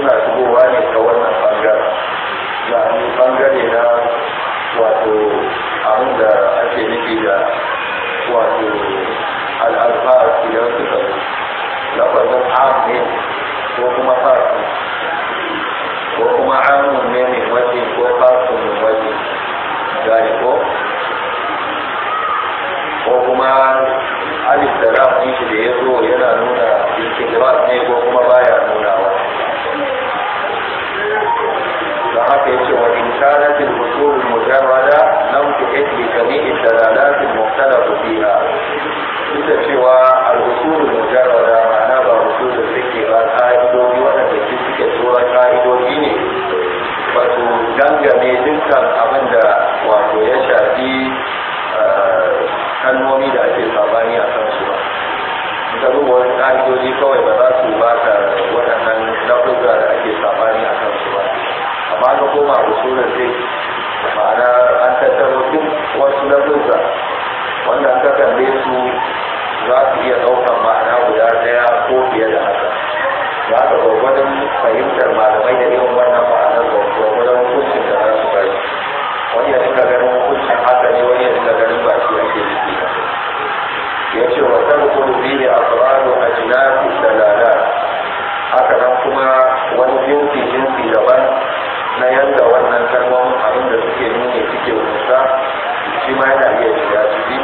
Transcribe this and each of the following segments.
suna zubowa ne ta wannan bangar na hannun bangare dah waktu amun dah ake nufi da wato al'alfa a cikin suka na kwanan ne ko kuma amma an koma usulun sai ma'ana an tattaro duk wasu na lafuzza wanda ka kalle su za su iya ɗaukar ma'ana guda ɗaya ko fiye da haka za ka gwagwadon fahimtar malamai da yawan wannan ma'anar gwagwadon hukuncin da za su bari wani ya suka ganin hukuncin haka ne wani ya suka ganin ba shi ake nufi ba ya ce wa kan kudu ne a tsaro a jinafi da lada haka nan kuma wani jinsi jinsi daban na yanda wannan kalmar abin da suke nuni suke kusa shi ma yana iya shiga ciki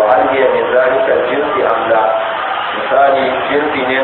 wa hal hiya min zalika jinsi misali jirgi ne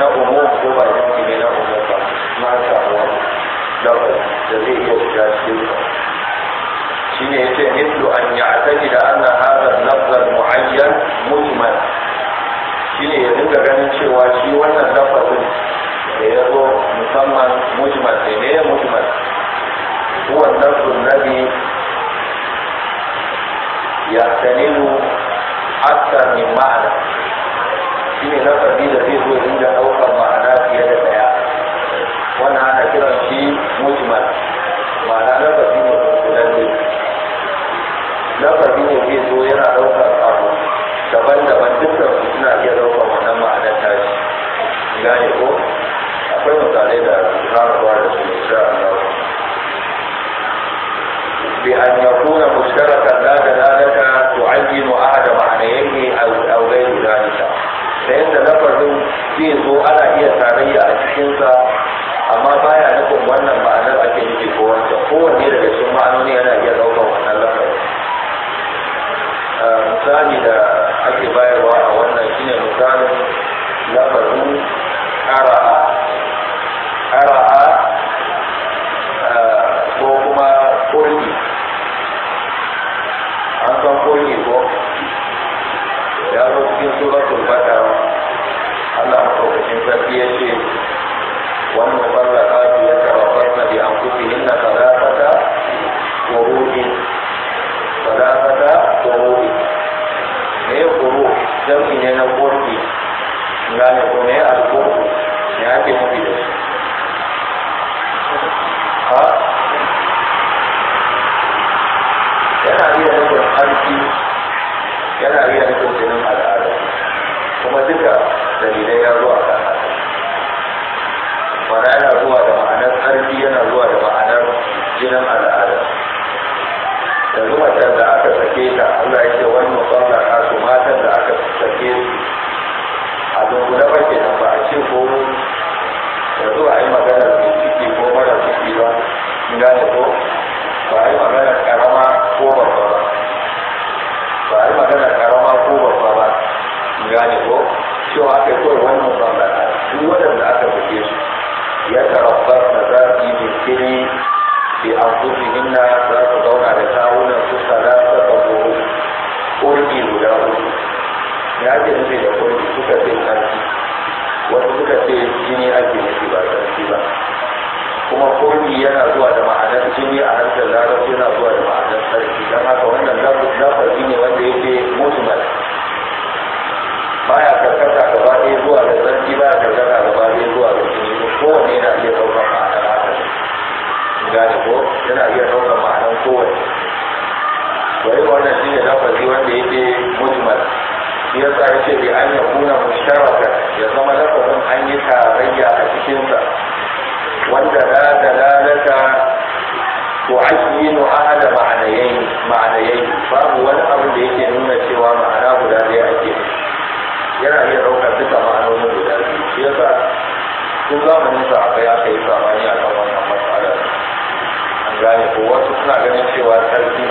gane ko wasu suna ganin cewa sarki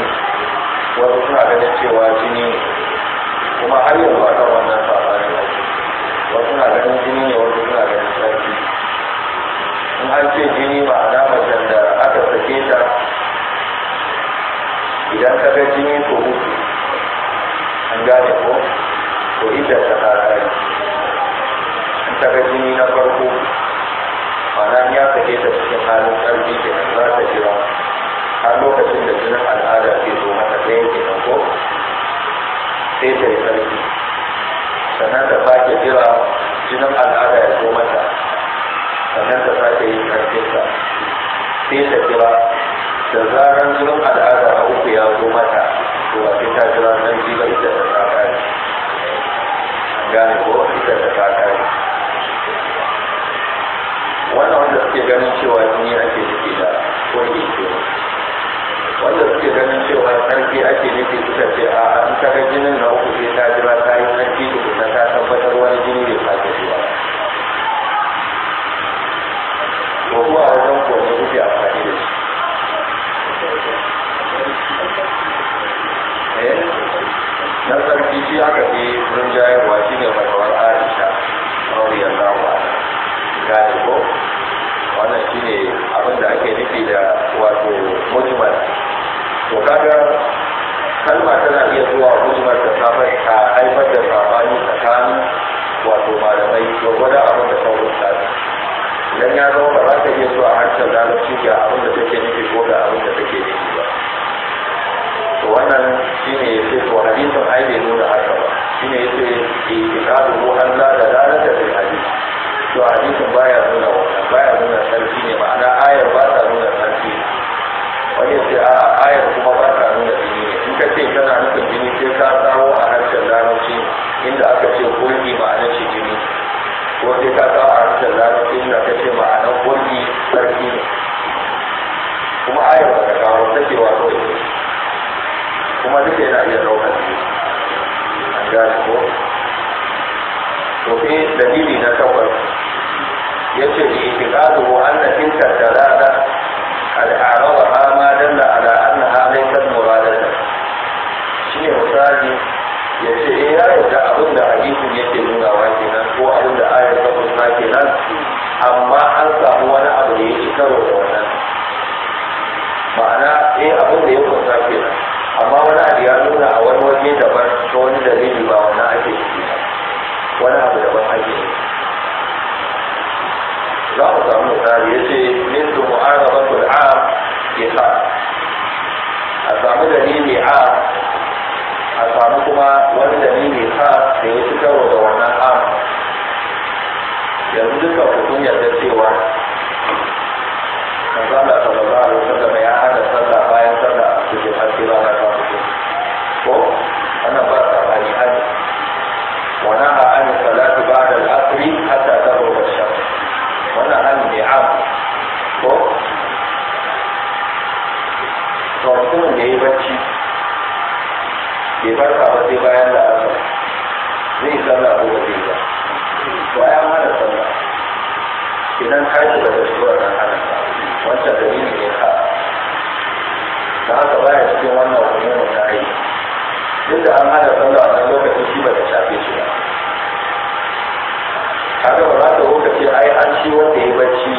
wasu suna ganin cewa jini kuma har yau a kan wannan sabanin wasu suna ganin jini ne wasu suna ganin sarki in an ce jini ma'ana macen da aka sake ta idan ka ga jini to hutu an gane ko ko inda ta tsara an ta ga jini na farko ma'ana ya sake ta cikin halin sarki ke za ta jira har lokacin da jinin al'ada ke zo mata ɗaya ke nan ko sai ta yi sarki sannan ta sake jira jinin al'ada ya zo mata sannan ta sake yin sarkinsa sai ta jira da zaran jinin al'ada a uku ya zo mata to a ta jira nan jiba ita da ta kare gane ko ita da ta kare wannan wanda suke ganin cewa jini ake wanda suke ganin cewa sarki ake nufi suka ce a an kaga jinin na uku sai ta jira ta yi sarki da kuma ta tabbatar wani jini bai fata shi ba ko kuma a wajen ko ne kuke amfani da shi eh, na sarki shi aka fi jayarwa shi ne matawar aisha rauriyar a gane ko wannan shi ne abinda ake nufi da wato mujmal to kaga kalma tana iya zuwa hujjar da ta ta haifar da sabani tsakanin wato malamai gwagwada abin da sauran tsari idan ya zama ba za ta iya zuwa harshen larabci ga abin da take nufi ko ga abin da take nufi ba to wannan shine ya ce to hadisin ai bai nuna haka ba shine ya ce itikadu ko an la da da bil hadis to hadisin baya nuna wannan baya nuna sarki ne ma'ana ayar ba ta nuna sarki wani ya ce a'a ayar kuma ba ta nuna jini in ka ce tana nufin jini sai ka samo a harshen larabci inda aka ce kulki ma'anar shi jini ko sai ka samo a harshen larabci inda aka ce ma'anar kulki sarki ne kuma ayar ba ta kawo ta ce wato ne kuma duka yana iya ɗaukar jini an gane ko to sai dalili na takwas ya ce da ikiƙazu anna da dalala abin da hadisin yake nuna wa kenan ko abin da ayar ta kusa kenan amma an samu wani abu da yake karo da wannan ma'ana eh abin da ya kusa kenan amma wani abu ya nuna a wani waje daban ta wani dalili ba wannan ake ciki wani abu daban ake za ku samu misali ya ce min su mu'arabatul am ke a samu dalili a a samu kuma bacci bai farka ba sai bayan da asar zai sallah ko ba zai ba to ai an hana sallah idan ka shi da bashura nan hana wancan ni ne ka da haka baya cikin wannan hukumar ta yi duk da an hana sallah a lokacin shi ba ta shafe shi ba haka ba za ka lokaci ai an shi wanda ya bacci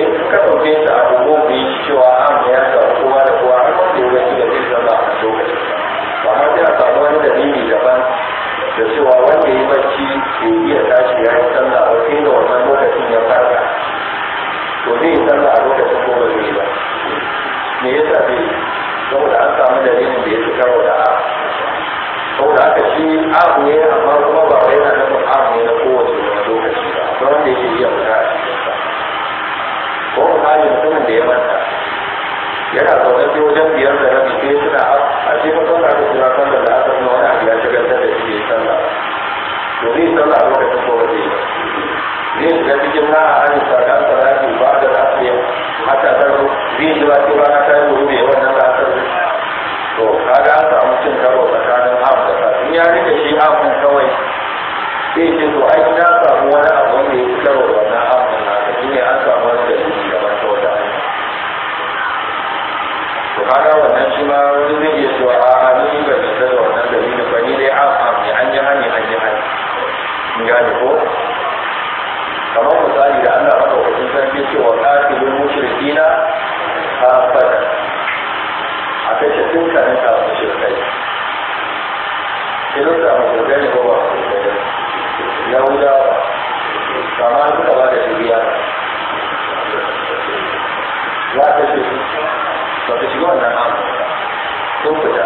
in ka ɗauke shi a hukumar cewa an ya amma sai a samu wani dalili daban da cewa wanda ya bacci ke iya tashi ya yi sallah ba sai da wannan lokacin ya farka to zai yi sallah a lokacin ko ba zai ba me yasa bai saboda an samu dalilin da ya fi karo da a saboda haka shi abu ne amma kuma ba wai yana nufin abu ne na kowace lokaci ba akwai wanda yake iya fita a cikin cikinsa ko misali mutumin da ya manta yana zaune sai wajen biyar da rabi sai suna a ce fa zauna da to zai sallah lokacin ko ba zai zai shiga cikin na a hannun sarkar sarari ba da lafiya haka tarro zai jira ce rana ta yi wuri mai wannan lafiyar to kaga an samu cin karo tsakanin ham da sa in ya rike shi hamun kawai zai ce to ai na samu wani abu wanda ya fi karo wannan hamun na ta shi ne an samu wani da shi da wata wata to kaga wannan shi ma wani zai iya cewa ah, ce wa kafin mushrikina fada a kai ce tun kanin kafin shirkai idan da mutum ne ba ba yahudawa kama suka ba da shiriya ya kashe su ba ta shiga wannan amma sun fita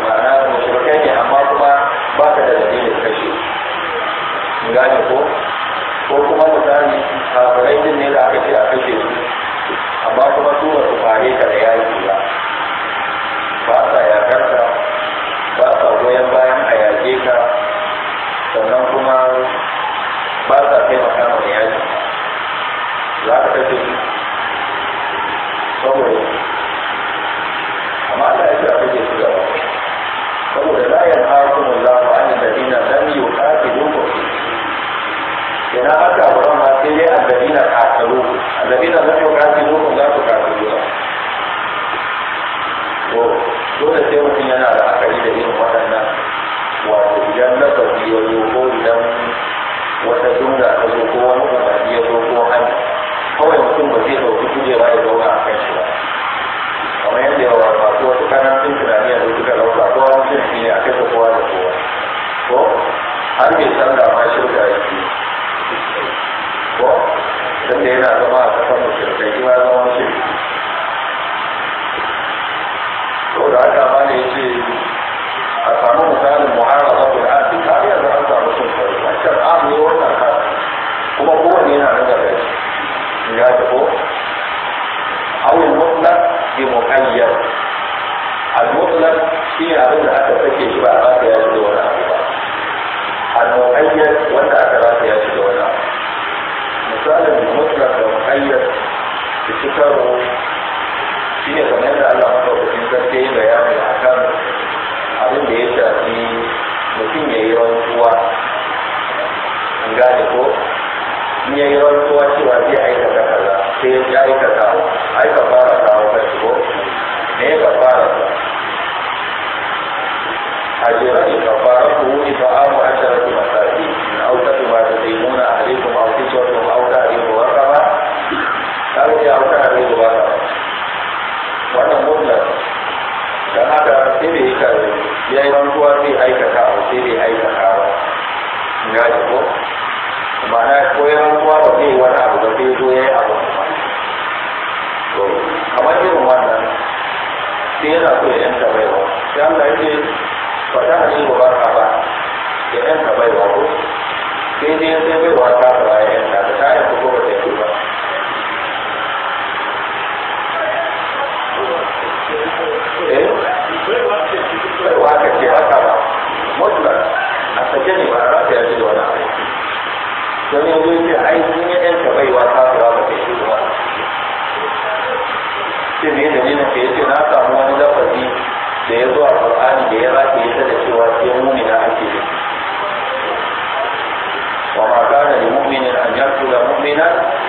ma'ana mushrikai ne amma kuma ba ka da dalilin kashe in gane ko ko kuma misali kafirai din ne da aka ce a kashe su amma kuma su ba su fare ka da yaki ba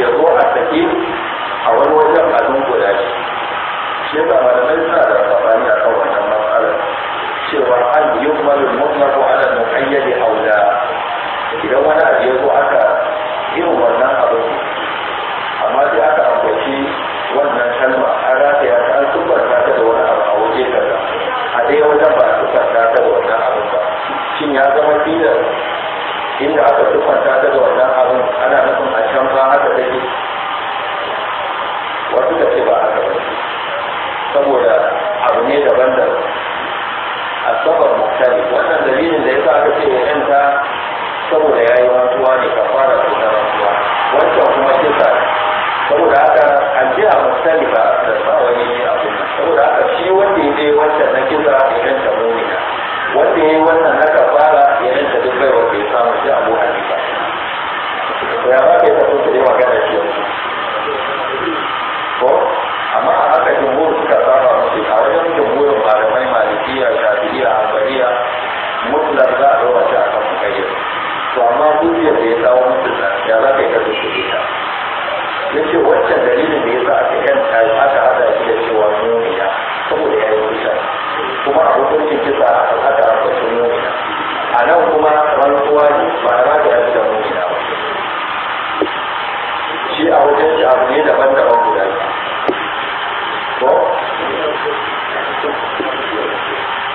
ya zo a sake a wani wajen a dunkula shi shi ba malamai suna da sabani a kan wannan matsalar cewa an yi malin mutlaqu ala muqayyadi aula idan wani abu ya zo aka irin wannan abu amma sai aka ambaci wannan kalma an rataya ta an tubarta ta da wani abu a waje kaza a dai wajen ba a tubarta ta da wannan abu ba shin ya zama tilas inda aka siffanta ta da wannan abin ana nufin a can ba haka take wasu da ce ba haka ba saboda abu ne daban-daban asabar mutane wannan dalilin da ya sa aka ce wa ta saboda ya yi wantuwa ne ka fara tsoron wantuwa wancan kuma kisa saboda haka an ji a mutane ba da sa wani abin saboda haka shi wanda ya je wancan na kisa ya yanta mummina wanda ya yi wannan na fara ya yanta duk baiwa ya za ka yi zato ta yi magana shi yanzu ko amma a haka jumhur suka saba musu a wajen jumhurin malamai malikiya shafi'iya ambariya mutlak za a ɗora shi a kan mukayyar to amma hujjar da ya kawo musu ya za ka yi zato ta yi ta ya ce wacce dalilin da ya sa aka yanta aka hada shi da cewa nuniya saboda ya yi kusa kuma a hukuncin kisa aka hada a nuniya a nan kuma rantsuwa ne ba a ba da yanzu da nuniya shi a wajen shi abu ne daban-daban guda ko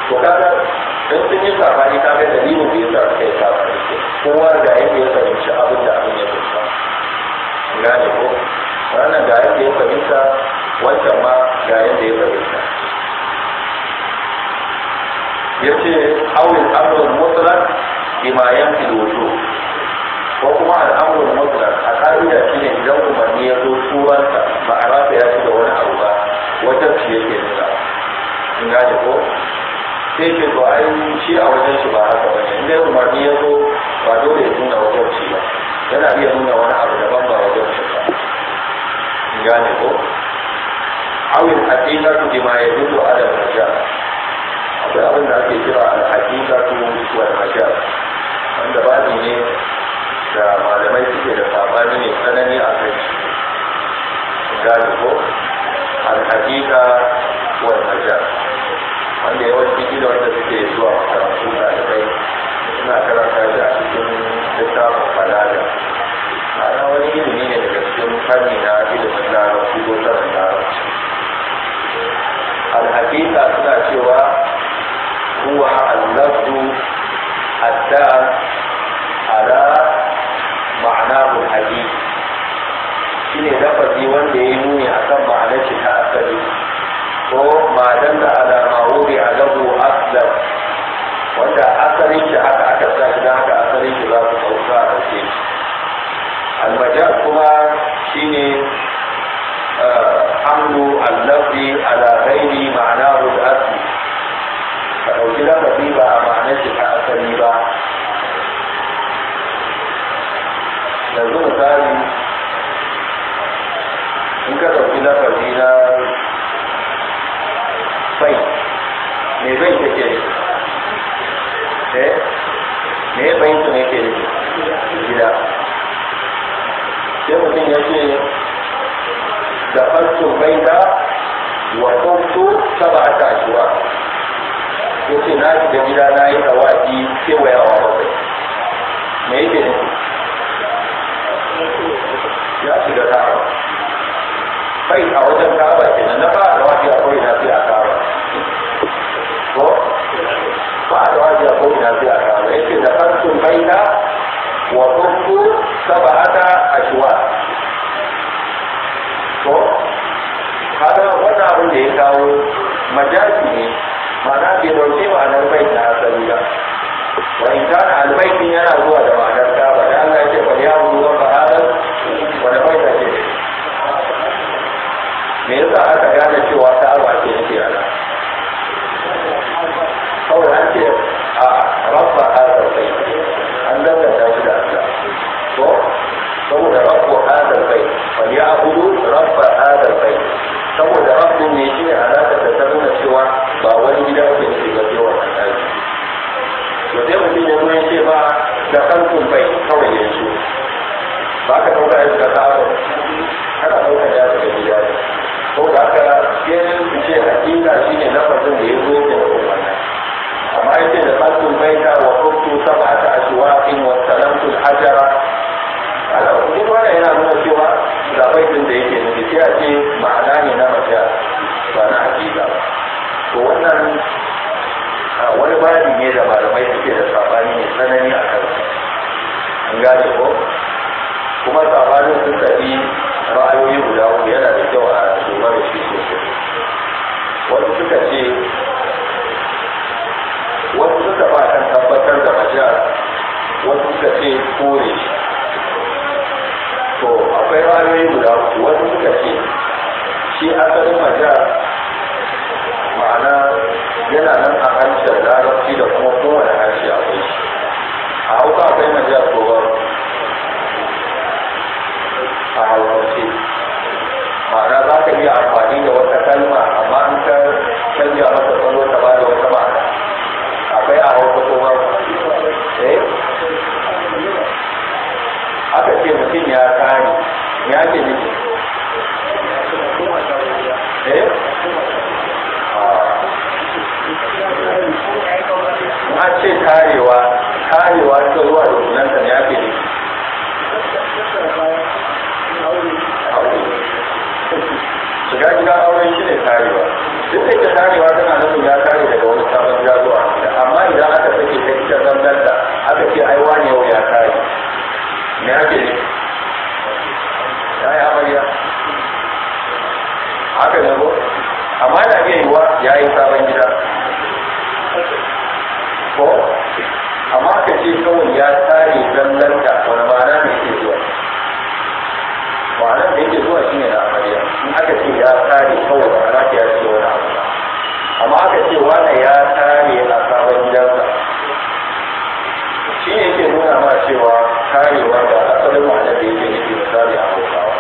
ko kaga don sun yi ta kai dalilin da yasa suka yi ga kowa da yake ya fahimci abin da abin ya fahimta gane ko ranar ga da ya fahimta wancan ma ga yadda ya fahimta ya ce awil amrul mutlaq bima yanfi wujuh ko kuma al'amuran mutlaq a ka'ida shi ne idan umarni ya zo turansa ba a rataya shi da wani abu ba wajen shi yake nuna in gane ko sai ce to ai shi a wajen shi ba haka ba in dai umarni ya zo ba dole ya nuna wajen shi ba yana iya nuna wani abu daban ba wajen shi ba in gane ko awin hakika su bima ya dudu adam raja akwai abin da ake kira al-hakika su wal raja wanda ba ne da malamai suke da sabani ne tsanani a kai gani ko alhaƙiƙa wani hajar wanda yawanci gina wanda suke zuwa makarantu da kai suna karanta da a cikin littafin falada ana wani ilimi ne daga cikin fanni na ilimin larabci ko tsarin larabci alhaƙiƙa suna cewa huwa allabdu الدار على ba dan da you will, wani gida ke nufi ba ke wannan ɗaki to sai mutum ya zo ya ce ba da kalkun bai kawai ya ce ba ka ɗauka ya ka tsaro kana ɗauka ya ka gida ko da, ka yin su ce hakika shi ne lafazin da ya zo ke da wannan amma ya ce da kalkun bai ta wa ta sab'ata in wa salamtu al-hajara ala duk yana nuna cewa ga baitin da yake nufi sai a ce ma'ana ne na mace ba na hakika ba to wannan wani babi ne da malamai suke da sabani ne tsanani a kan an gane ko kuma sabanin sun tafi ra'ayoyi guda uku yana da kyau a duba da shi sosai wasu suka ce wasu suka ba kan tabbatar da majiya wasu suka ce kore shi to akwai ra'ayoyi guda uku wasu suka ce shi asalin majiya ma'ana yana nan a harshen larabci da kuma kowane a kai shi a hauka shiga gida auren shi ne tarewa duk da ita tarewa tana nufin ya tare daga wani sabon gida zuwa amma idan aka sake ta ita zangar da aka ce ai wane yau ya tare me ake ne ya yi amarya haka ne ko amma yana iya yiwuwa ya yi sabon gida ko amma aka ce kawai ya tare zangar da aka ce ya tare kawai a rafi ya ce wani abu amma aka ce wani ya tare a sabon gidansa shi ne ke nuna ma cewa tarewa da asalin ma'ana da yake ke misali a hausawa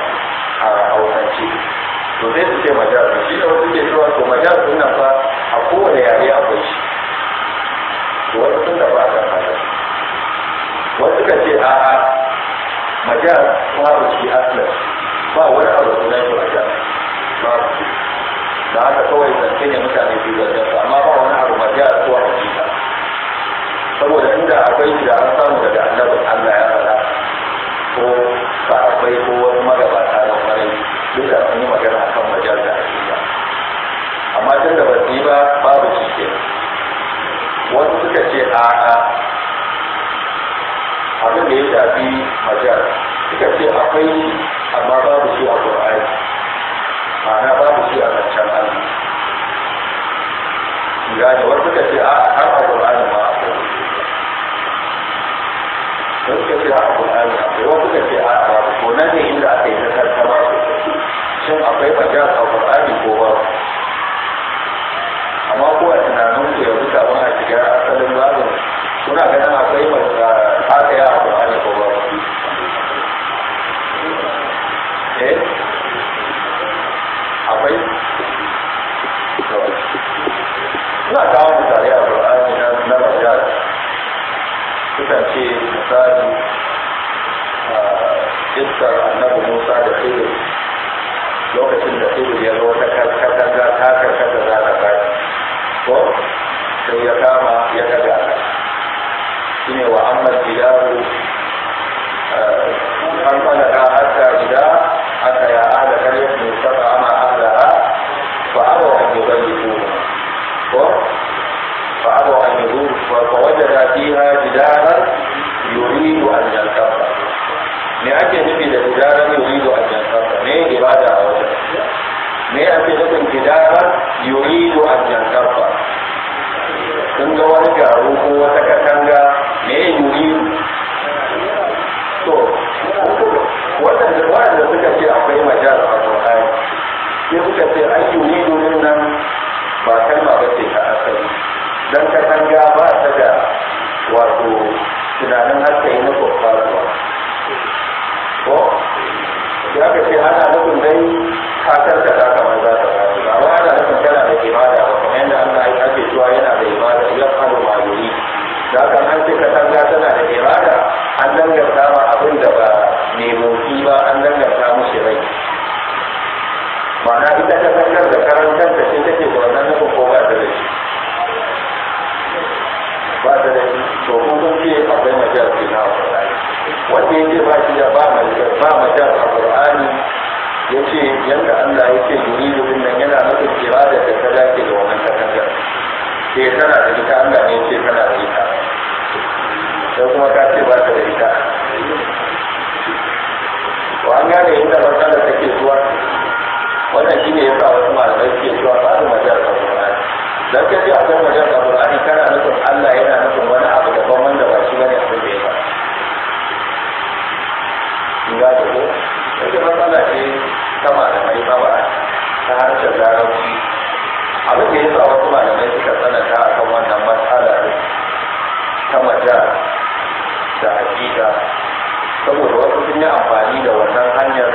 a hausance to sai su ce majalis shi da wasu ke cewa to majalis suna fa a kowane yare akwai shi to wasu sun da ba kan hada wasu ka ce a'a majalis babu shi aslan ba wani da haka kawai zance ne mutane biyu da jinsu amma ba wani abu mai ya zuwa hakika saboda inda akwai shi da an samu daga annabin Allah ya faɗa ko ba sahabbai ko wani magabata na kwarai duka sun yi magana akan majal da hakika amma tun da ba yi ba babu shi ke wasu suka ce a'a abin da ya shafi majal ganewar suka ce a to kun kun ce akwai majar ke na wanda yake ba shi ya ba majar a qur'ani ce yadda Allah ya ce yuridu din nan yana nufin irada da ta dace da wannan takardar sai kana da ita Allah ne yace kana da ita sai kuma ka ce ba ka da ita to an gane inda matsalar take zuwa wannan shine yasa wasu malamai suke cewa ba da majar a qur'ani dan kace akwai majar a qur'ani kana nufin Allah yana ya da ko ita matsala ce ta malamai mabara ta harshen larabci abin da ya sa wasu malamai suka tsananta a kan wannan matsala ta maja da hakika saboda wasu sun yi amfani da wannan hanyar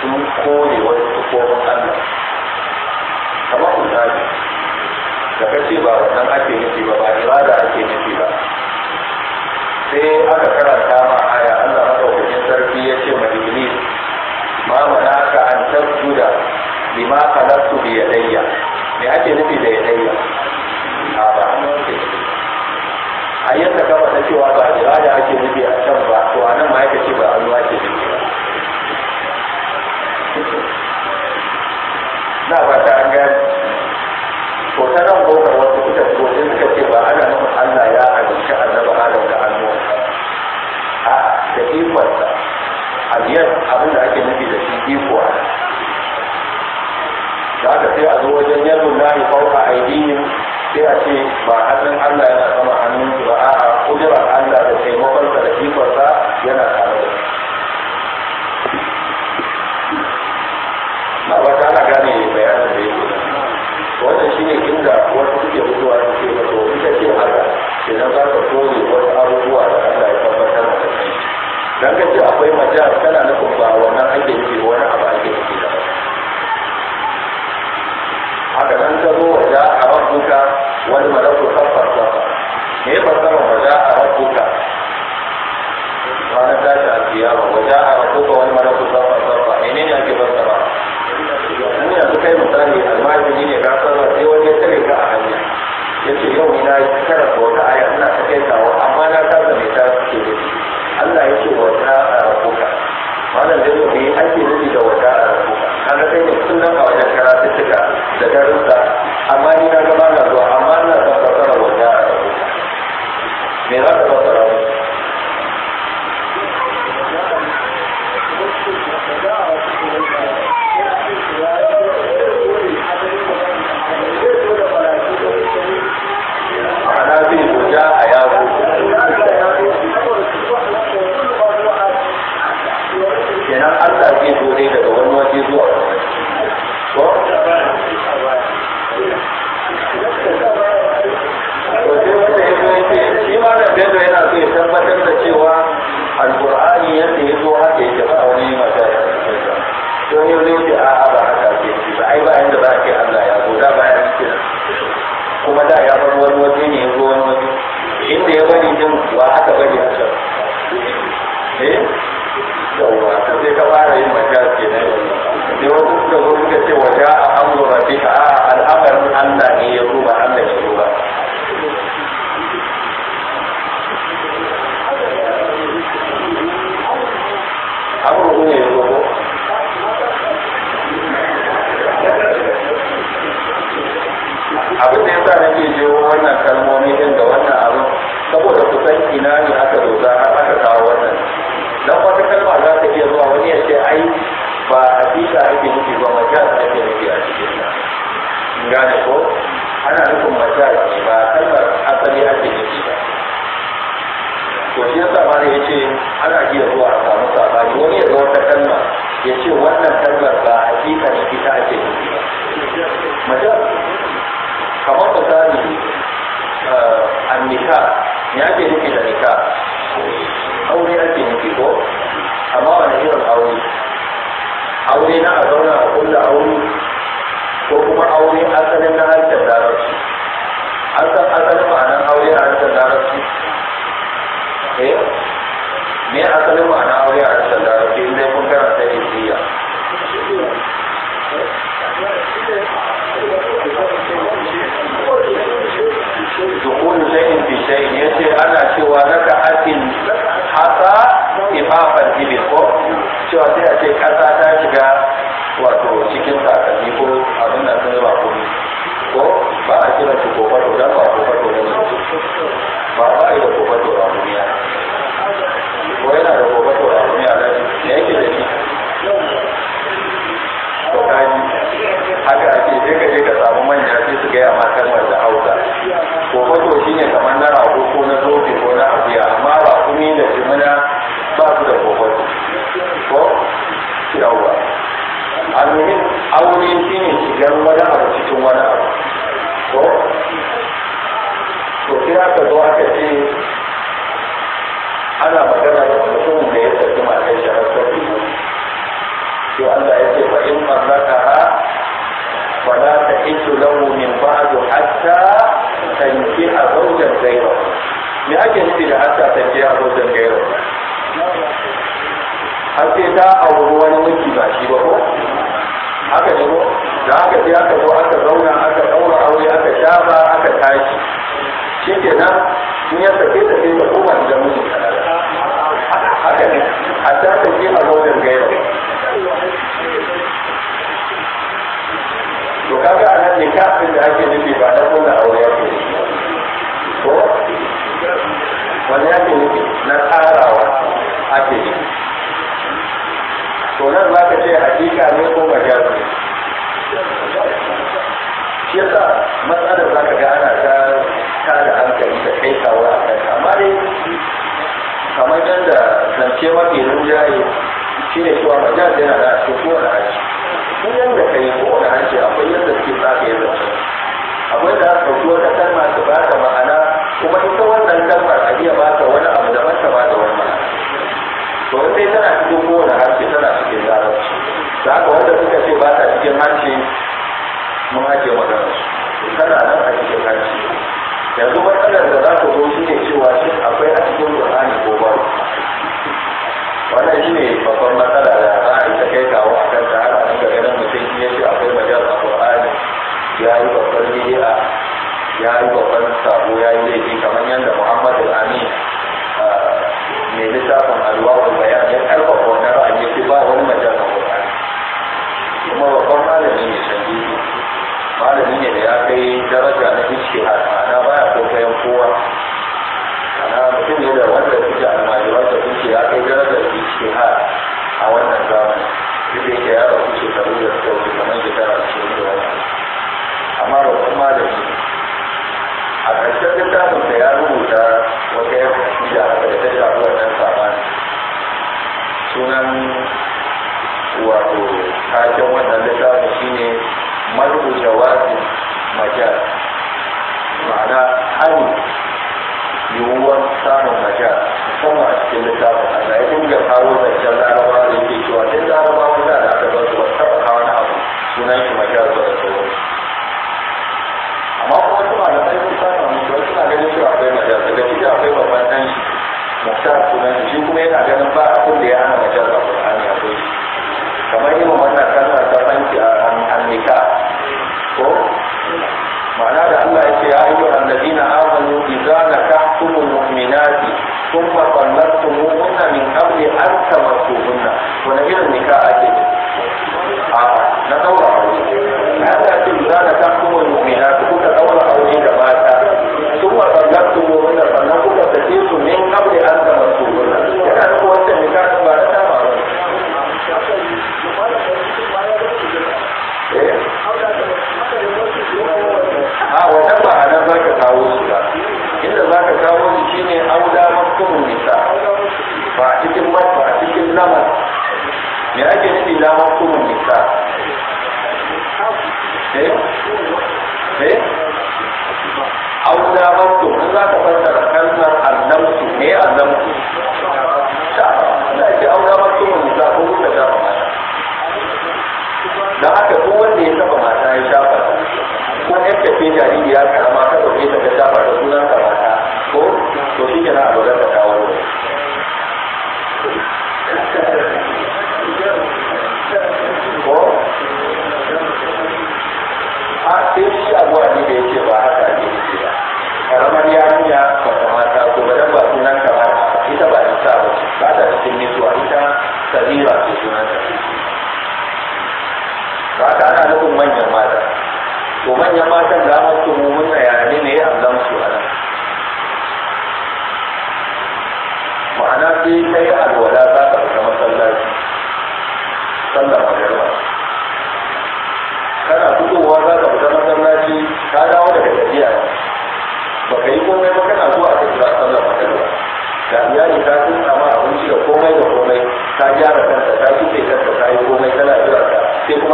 sun kone wasu tukofin allah kamar misali da kace ba wannan ake nufi ba ba ibada ake nufi ba sai aka karanta ma lima khalaqtu bi yadayya me ake nufi da yadayya a ba hannun ke kama da cewa ba irada ake nufi a can ba sai a ce ba hannun yin wa aka bari ya can eh? yawa ta sai ka fara yin ke nan wasu suka zo suka ce wa ja a amru a al'amarin Allah ne ya zo Allah ya ba ne ya zo abin da yasa nake jiwo wannan kalmomi saboda kusan ina ne aka za a aka kawo wannan dan wata kalma za ta iya zuwa wani ya ce ai ba a hakika ake nufi ba a ake nufi a cikin ta gane ko ana nufin majaz ne ba kalmar asali ake nufi ba to shi yasa ma ya ce ana iya zuwa a samu sabani wani ya zo wata kalma ya ce wannan kalmar ba a hakika ne ita ake nufi ba majaz kamar misali eh, annika ya ke nufi da nika aure ake nufi ko amma wani irin aure aure na a zauna a kulla aure ko kuma aure asalin na harshen larabci an san asalin ma'anar aure a harshen larabci eh me asalin ma'anar aure a harshen larabci in kun karanta ne ce ana cewa raka hatin hasa ifafan jibin ko cewa sai a ce kasa ta shiga wato cikin takalmi ko abin da sun yi ba ko ba a kira shi ko ba tana cikin kowane harshe tana cikin larabci da aka wanda suka ce ba ta cikin harshe mun hake magana su tana nan a cikin harshe yanzu matsalar da za ku zo shi ne cewa shi akwai a cikin qur'ani ko ba wannan shi ne babban matsala da za a ita kai kawo a kan ta har a cikin ganin mutum ya ce akwai majal a qur'ani ya yi babban bid'a ya yi babban sabo ya yi laifi kamar yadda muhammadu amin mai lissafin alwa ko ya ne karfafa wani ra'ayi ya ba wani majalar Qur'ani kuma babban malami ne sanji malami ne da ya kai daraja na ijtihad ma'ana baya kokayen kowa ana mutum ne da wanda suke almajiran da suke ya kai daraja darajar ijtihad a wannan zamani duk da yake ya rasu shekaru da suka wuce kamar shekara ashirin da wani amma babban malami a ƙarshen littafin da ya rubuta wata yankin da aka da sunan wato taken wannan littafin shine malu jawabin majal ma'ana hannu yiwuwar samun majal musamman a cikin littafin yi ya dinga da zancen larabawa da yake cewa duk larabawa wanda da aka bar su ba taɓa kawo na abu sunan shi majal ba da sauransu amma kuma suna da sai kusa na mutuwa suna ganin cewa akwai majal daga cikin akwai babban ɗan shi mutar sunan shi kuma yana ganin ba abin da ya kamar yin wannan kalmar ta fanki a annika ko ma'ana da Allah ya ce ya ayyuha alladhina amanu idza nakahtumul mu'minati thumma talaqtumuhunna min kawai an tamassuhunna to wani irin nika ake a na daura a Allah ya ce idza kuma mu'minati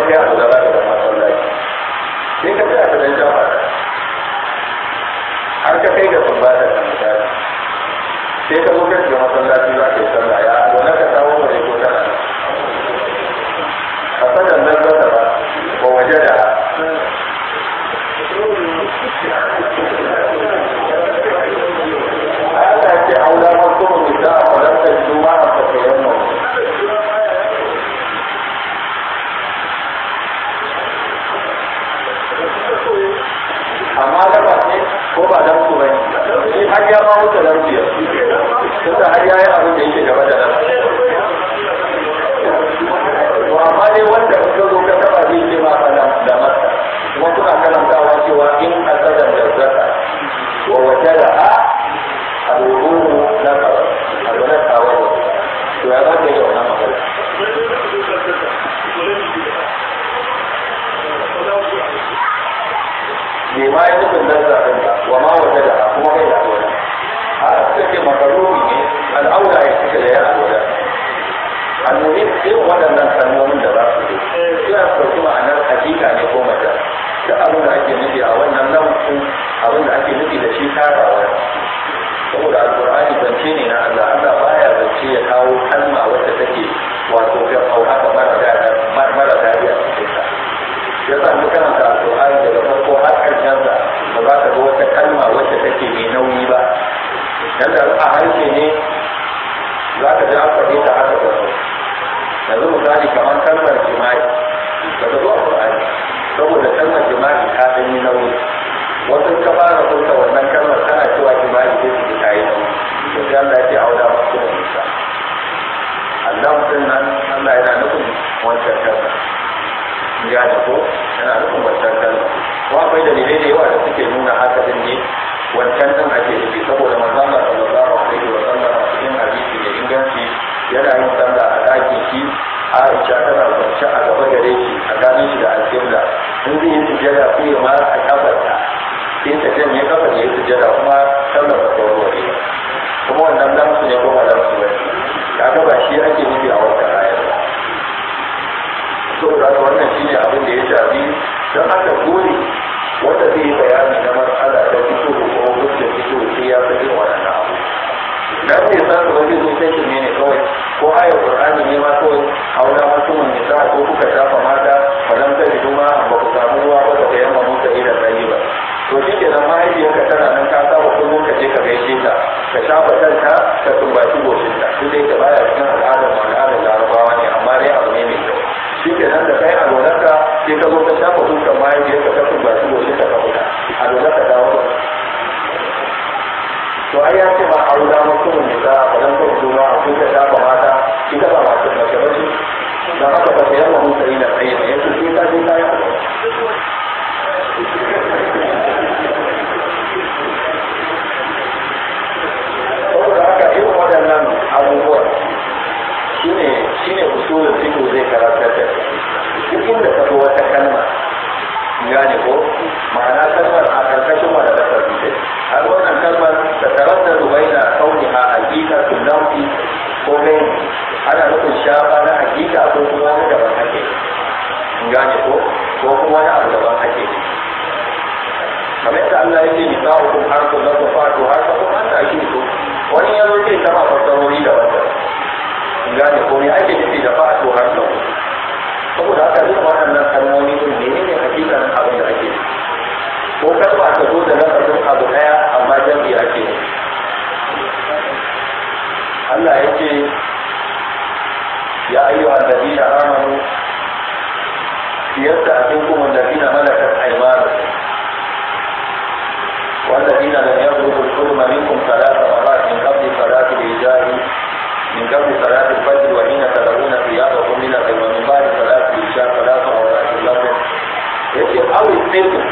Yeah. kalmar jima'i ta dan na nauyi wasu ka fara kunta wannan kalmar tana cewa jima'i zai su ta yi nauyi to sai Allah ya ce auda masu da nisa Allah mutum nan Allah yana nufin wancan kalmar ya ji ko yana nufin wancan kalmar ko akwai dalilai da yawa da suke nuna haka din ne wancan din ake nufi saboda manzon Allah sallallahu alaihi wa sallam cikin hadisi da inganci yana yin sallah a ɗakin shi aisha tana kwanci a gaba gare shi a gani shi da alƙibla in zai yi sujada ko ya mara a kafarta in ta janye kafar ya yi sujada kuma sallar da ta ne kuma wannan lamsu ne ko ba su ba kaga ba shi ake nufi a wannan ayar ba saboda wannan shine abin da ya shafi don haka dole wanda zai yi bayani na matsala da fito ko hukuncin fito sai ya fi yin wannan abu na ce sa su wani zo sai ne kawai ko haya qur'ani ne ma ko aula mutum ne sa ko kuka shafa mata fadan kai kuma ba ku samu ruwa ba ka yamma ta ida tsayi ba to shi ke nan mahaifiyarka tana nan ka saba kullum ka je ka gaishe ta ka shafa kanta ka sumbaci goshinta shi dai ka baya cikin al'adar al'adar larabawa ne amma dai abu ne mai kyau shi ke nan da kai a sai ka zo ka shafa kukan mahaifiyarka ka sumbaci ta ka fita alwalarka ta wata to ai ya ce ba a wuda kuma ne za a kalan kan juna a kun ta ba mata ita ba mace mace ba ce da haka ba ta yi wa mutane da tsaye ne yanzu sai ta je kaya saboda haka irin waɗannan abubuwan da ko ma'ana kalmar a karkashin wadda ta karfi وتردد بين كونها حقيقة النوم ومن ana nufin shafa na hakika ko kuma wani daban hake in gane ko ko kuma wani abu daban hake kamar yadda Allah ya ce ni za ku har ku na ku fatu har ku an ta shi ku wani yanzu zai sama fasarori da wanda in gane ko ne ake nufi da fatu har ku saboda haka duk wannan kalmomi sun ne ne hakikan abin da ake ko kalma ta zo da lafazin abu ɗaya amma jan Allah ya يا ya ayyuha alladhina amanu yadda الذين alladhina malakat aymanukum والذين لم يبلغوا الحلم منكم ثلاث مرات من قبل صلاة العشاء من قبل صلاة الفجر وحين تدعون ثيابكم من الغيب ومن بعد صلاة العشاء ثلاث مرات لكم يقول أو الفجر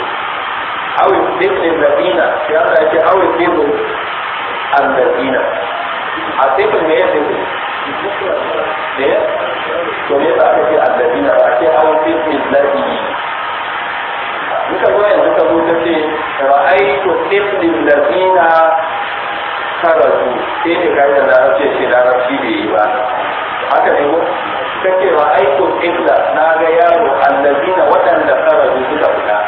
أو الفجر الذين يقول أو الفجر الذين a tebul me ya tebul ne to ne ba ka ce allabi na ba ce awon tebul lafi duka zuwa yanzu ka zo ta ce ra'aitu tebul lafi na karatu sai ne kai da larabci ce larabci bai yi ba haka ne ko ta ce ra'aitu tebul na ga yaro allabi waɗanda karatu suka fita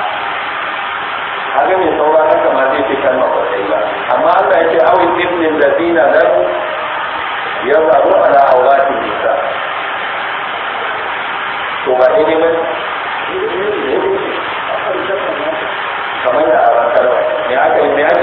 haka mai saura haka ma zai fi kalmar ba amma Allah ya ce awon tebul lafi na yanzu a na aurati nisa to ba ne neman kamar da a bakar ba ne aka yi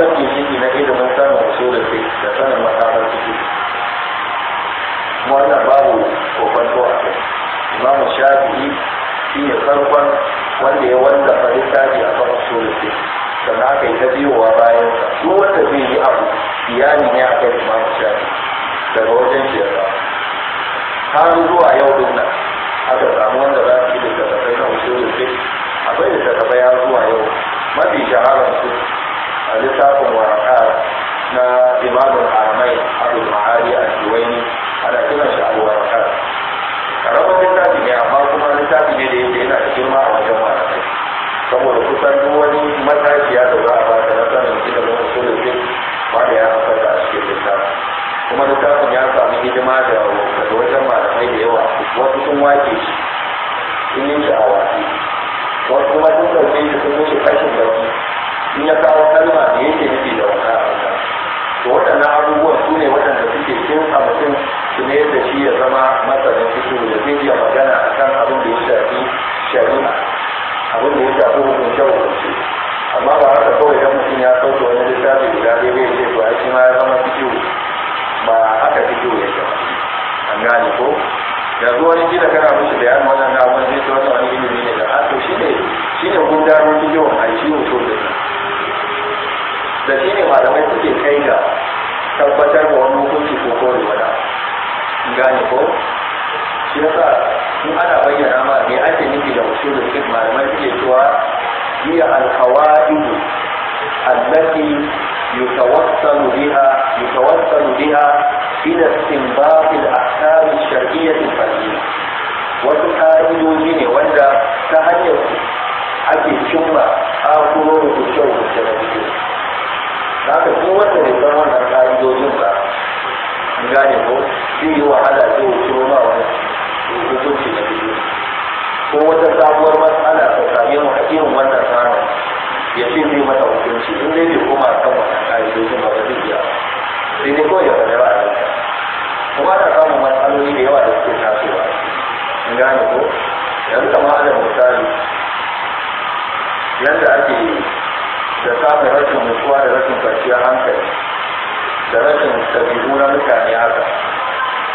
mafi jiki na ilimin sanin usulun fi da da sanin makamar ciki wannan babu kofanto a kai imamu shafi'i shi ne farkon wanda ya wallafa littafi a kan usulun fi sannan aka yi ta biyowa bayan duk wanda zai yi abu iyali ne a kan imamu shafi'i daga wajen shi har zuwa yau din nan aka samu wanda za su yi da tafai na wasu da fi akwai da tafai har zuwa yau mafi shahararsu. a littafin waraka na imamun haramai abin ma'ari a shiwaini ana kiran shi alwaraka karamar littafi ne amma kuma littafi ne da yake yana da girma a wajen warakai saboda kusan duk wani matashiya da za a ba na sanin ilimin usulun din wanda ya haifar da a cikin littafin kuma littafin ya samu hidima da wajen malamai da yawa wasu sun wake shi sun yi shi a wasu wasu kuma sun ɗauke shi sun yi shi kashin da in ya kawo kalma da yake nufi da wata to waɗannan abubuwan su ne waɗanda suke cin a su ne da shi ya zama masanin fito da zai iya magana a kan abin da ya shafi shari'a abin da ya shafi hukunce hukunce amma ba haka kawai idan mutum ya sauke wani littafi guda ɗaya bai ce to ai shi ma ya zama fito ba haka fito ya ce an gane ko yanzu wani gida kana musu da yan wannan na wani zai ce wani ilimi ne da a to shi ne shi ne gudanar fito a shi ne to da da shi ne malamai suke kai ga tabbatar da wani hukunci ko kore wada gane ko shi yasa in ana bayyana ma me ake nufi da da fiqh malamai suke cewa biya al-qawaid allati yutawassalu biha yutawassalu biha ila istinbat al-ahkam al-shar'iyyah al-fardiyya wasu ka'idoji ne wanda ta hanyar ake cimma a kuma kyau da na haka duk wanda bai san wannan ka'idojin ba an gane ko zai yi wahala wa wuce ma wani hukunci na biyu ko wata sabuwar matsala ta same mu a wannan tsarin ya ce zai mata hukunci in dai bai koma kan wannan ka'idojin ba ba zai iya sai dai kawai ya faɗa ba a kuma ana samun matsaloli da yawa da suke tasowa an gane ko yanzu kamar ana misali yanda ake da samun rashin mutuwa da rashin kwanciyar hankali da rashin ɗabi'u na mutane haka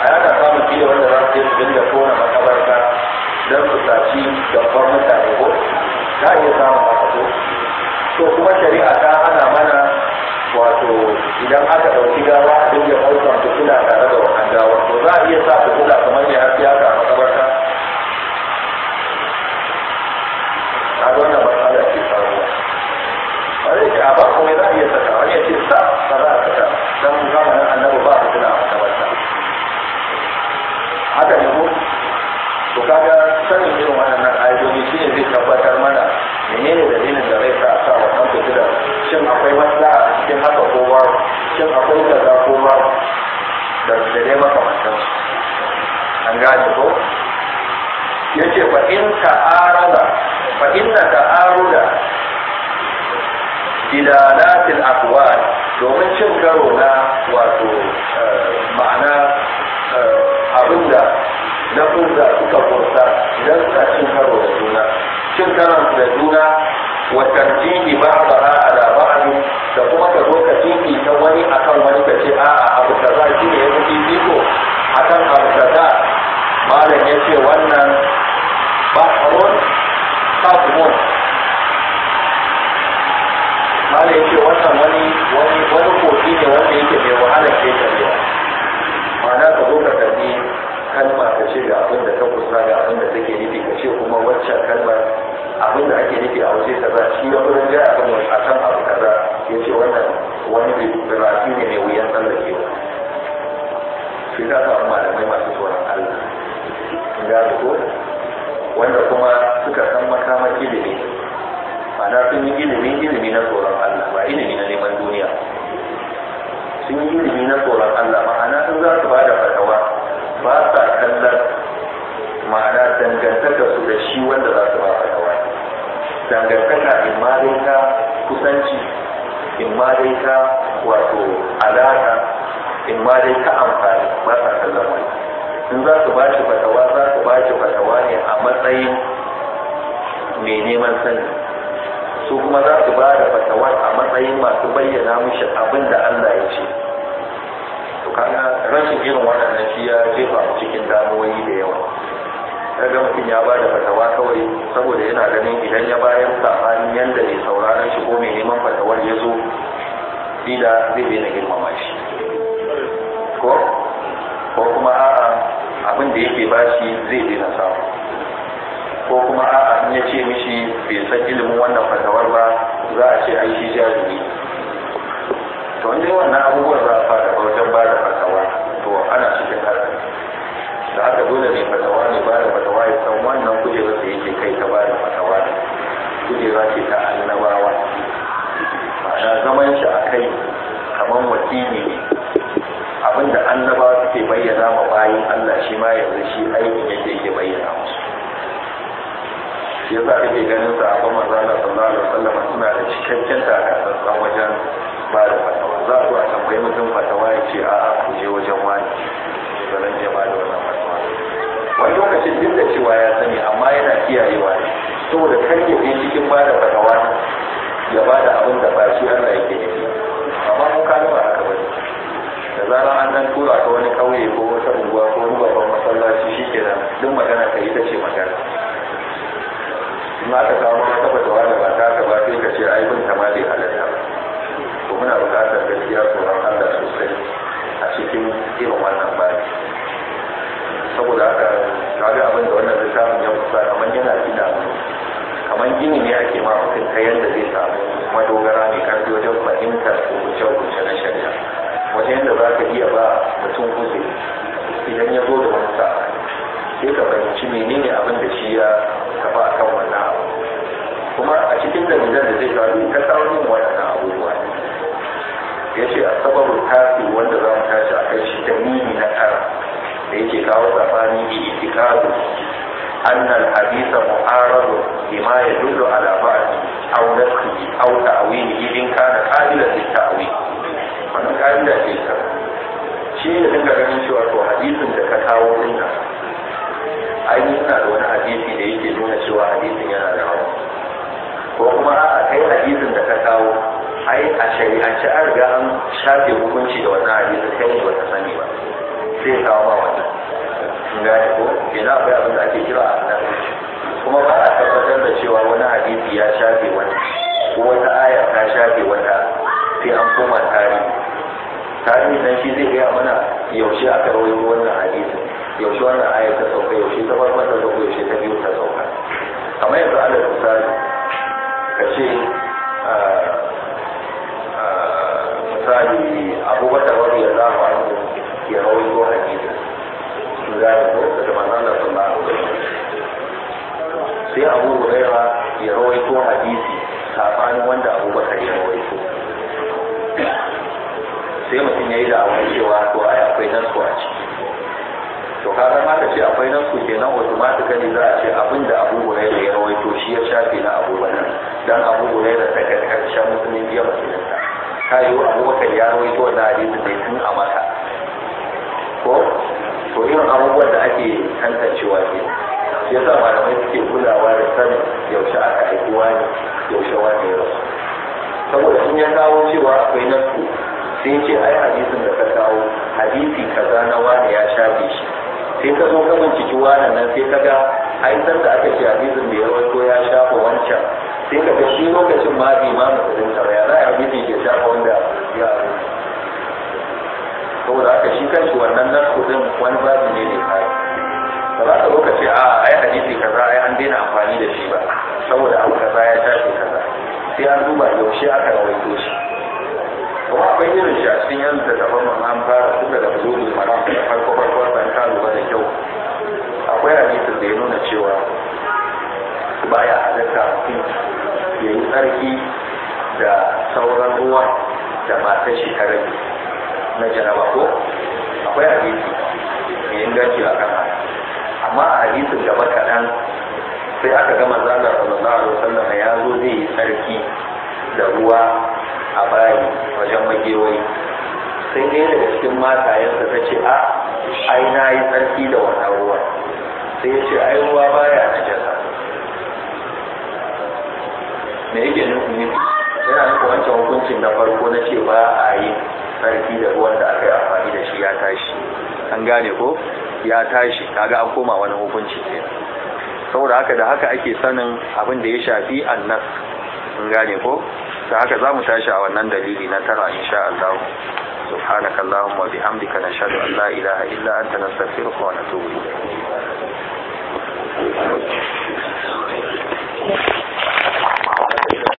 a yana samun fiye wanda za su yi su da tona makabarta don su saci gaban mutane ko ta iya samun makaso to kuma shari'a ta ana mana wato idan aka ɗauki gawa a dinga ɗaukar kula tare da wannan gawar to za a iya sa kula kamar ne har siyasa a makabarta a wannan saka ba kuma za a iya saka wani ya ce sa ba za a saka dan zamanin annabi ba a tuna a makabarta haka ne ko to kaga sanin irin waɗannan shi ne zai tabbatar mana menene dalilin da zai sa a sa wannan fitina shin akwai maslaha a cikin haka ko ba shin akwai kaza ko ba da da dai makamantan an gane ko yace fa in ta'arada fa inna ta'aruda idanatil akwai domin cin karo na wato eh, ma'ana eh, abinda na furza suka furta idan ka cin karo da juna cin karo da juna wa tarjihi ba'daha ala ba'd da kuma ka zo ka jini ta wani akan wani ka ce a'a abu kaza ne ya fi biko akan abu kaza malam ya ce wannan bahrun sabun amma da yake wannan wani wani wani kofi ne wanda yake mai wahala ke karewa ma'ana ka zo ka karbi kalma ka ce ga abin da ka kusa ga abin da take nufi ka ce kuma waccan kalmar abin da ake nufi a waje kaza shi ya wurin jaya kan wani a kan abu kaza ya ce wannan wani birafi ne mai wuyan tsallakewa shi za ka malamai masu tsoron Allah gane ko wanda kuma suka san makamar ilimi ma'ana sun yi ilimi ilimi na tsoron Allah ba ilimi na neman duniya sun yi ilimi na tsoron Allah ma'ana sun za su ba da fatawa ba sa kallon ma'ana dangantaka su da shi wanda za su ba fatawa dangantaka in ma dai kusanci in ma dai wato alaka in ma dai amfani ba sa kallon wani sun za su ba shi fatawa za su ba shi fatawa ne a matsayin mai neman sani su kuma za su ba da fatawar a matsayin masu bayyana mishi abin da Allah ya ce to kana rashin irin waɗannan shi ya jefa a cikin damuwoyi da yawa kaga mutum ya ba da fatawa kawai saboda yana ganin idan ya bayar sabanin yanda mai sauraron shi ko mai neman fatawar ya zo bila zai daina girmama shi ko kuma a'a abin da yake bashi zai daina samu ko kuma a'a in ya ce mishi bai san ilimin wannan fatawar ba za a ce an shi jahili to ne wannan abubuwan za a fara wajen ba da fatawa to ana cikin haka da haka dole ne fatawa ne ba da fatawa ya san wannan kujera da yake kai ta ba da fatawa kujera ce ta annabawa ma'ana zaman shi a kai kamar wakili ne abinda annabawa suke bayyana ma bayan Allah shi ma yanzu shi aikin yake yake bayyana shi yasa kake ganin sa a manzo Allah sallallahu alaihi wasallam suna da cikakken takatsantsan wajen ba da fatawa za ku a tambayi mutum fatawa ya ce a'a ku je wajen wani ba zan je ba da wannan fatawa wani lokacin duk da cewa ya sani amma yana kiyayewa ne saboda kar ya je cikin ba da fatawa ya ba da abin da ba shi Allah yake nufi amma mun kano ba haka bane da zarar an dan tura ka wani kauye ko wata unguwa ko wani babban masallaci shi shikenan duk magana ka yi ta ce magana ma ka kawo ka taba tawa da ba ta ba sai ka ce ai bin ta ma bai halatta to muna buƙatar gaskiya tsoron Allah sosai a cikin irin wannan bani saboda haka kaga abin da wannan zai samu ya kusa kamar yana gina kamar gini ne ake ma mutum ta yadda zai samu madogara mai karfi wajen fahimtar hukunce-hukunce na shari'a wajen yadda za ka iya ba mutum uzuri idan ya zo da wani sa'a sai ka fahimci menene abin da shi ya kafa ne ka kawo yin na abubuwa ne ya ce a sababin tafi wanda za mu tashi a kai shi ta nini na tara da yake kawo tsafani bi itikadu annal hadisa mu'aradu bima yadullu ala ba'di aw nasxi aw ta'wili in kana qadilan lit ta'wil wannan kabila ce ta shi ne dinga ganin cewa to hadisin da ka kawo din nan ai ina da wani hadisi da yake nuna cewa hadisin yana da hawa ko kuma a kai hadisin da ka kawo ai a shari'ance an riga an shafe hukunci da wannan hadisin kai ne wata sani ba sai kawo ma wannan sun ga ko Ina akwai abin da ake kira a nan kuma ba a tabbatar da cewa wani hadisi ya shafe wani ko wata aya ta shafe wata sai an koma tarihi tari nan shi zai gaya mana yaushe aka rawaito wannan hadisin yaushe wannan aya ta sauka yaushe ta farko ta sauka yaushe ta biyu ta sauka kamar yanzu alal misali ka ce ah, ah, misali abubakar wani ya zama wani ke rawai ko hadisi su za a ko da manzon da sun ba sai abu huraira ya rawai ko hadisi sabanin wanda abubakar ya rawai ko sai mutum ya yi da awon cewa to ai akwai nan su a ciki to ka zama ka ce akwai nan su kenan automatically za a ce abin da abu huraira ya rawaito shi ya shafi na abubakar dan abu hurairah daga karshen musulmi biya musulunta ta yi wa abubakar ya to wannan hadisin bai tun a maka ko to irin abubuwan da ake tantancewa ke ya sa malamai suke kulawa da sanin yaushe aka haifi wani yaushe wani ya rasu saboda sun ya kawo cewa akwai nasu sai ce ai hadisin da ka kawo hadisi kaza na wani ya shafe shi sai ka zo ka binciki wani nan sai ka ga ai san da aka ce hadisin da ya rawaito ya shafa wancan sai ka ga shi lokacin ma bai ma mutum sa ya za a yi ke shafa wanda ya saboda aka shi kanshi wannan nan kudin wani babu ne ne kai ba za ka lokaci a yi hadisi kaza yi an daina amfani da shi ba saboda abu kaza ya tashi kaza sai an duba yaushe aka rawaito shi kuma akwai irin shi a cikin yanzu da daban man an fara tun daga zuwa maram da farko farko ban kalu ba da kyau akwai hadisi da ya nuna cewa baya halatta mutum ya yi tsarki da sauran ruwa da matan shi ta rabe na jaraba ko akwai hadisi mai inganci a kan amma a hadisin gaba kaɗan sai aka gama zaga sallallahu alaihi wasallam ya zo zai yi tsarki da ruwa a bayi wajen magewai. sai ɗaya daga cikin matayensa ta ce a ai na yi tsarki da wannan ruwa, sai ya ce ai ruwa baya na jasa me yake nufi yana nufin wancan hukuncin na farko na ce ba a yi sarki da ruwan da aka yi amfani da shi ya tashi an gane ko ya tashi kaga an koma wani hukunci ke saboda haka da haka ake sanin abin da ya shafi annas an gane ko da haka za mu tashi a wannan dalili na tara insha Allah سبحانك اللهم وبحمدك نشهد أن لا إله إلا أنت نستغفرك ونتوب إليك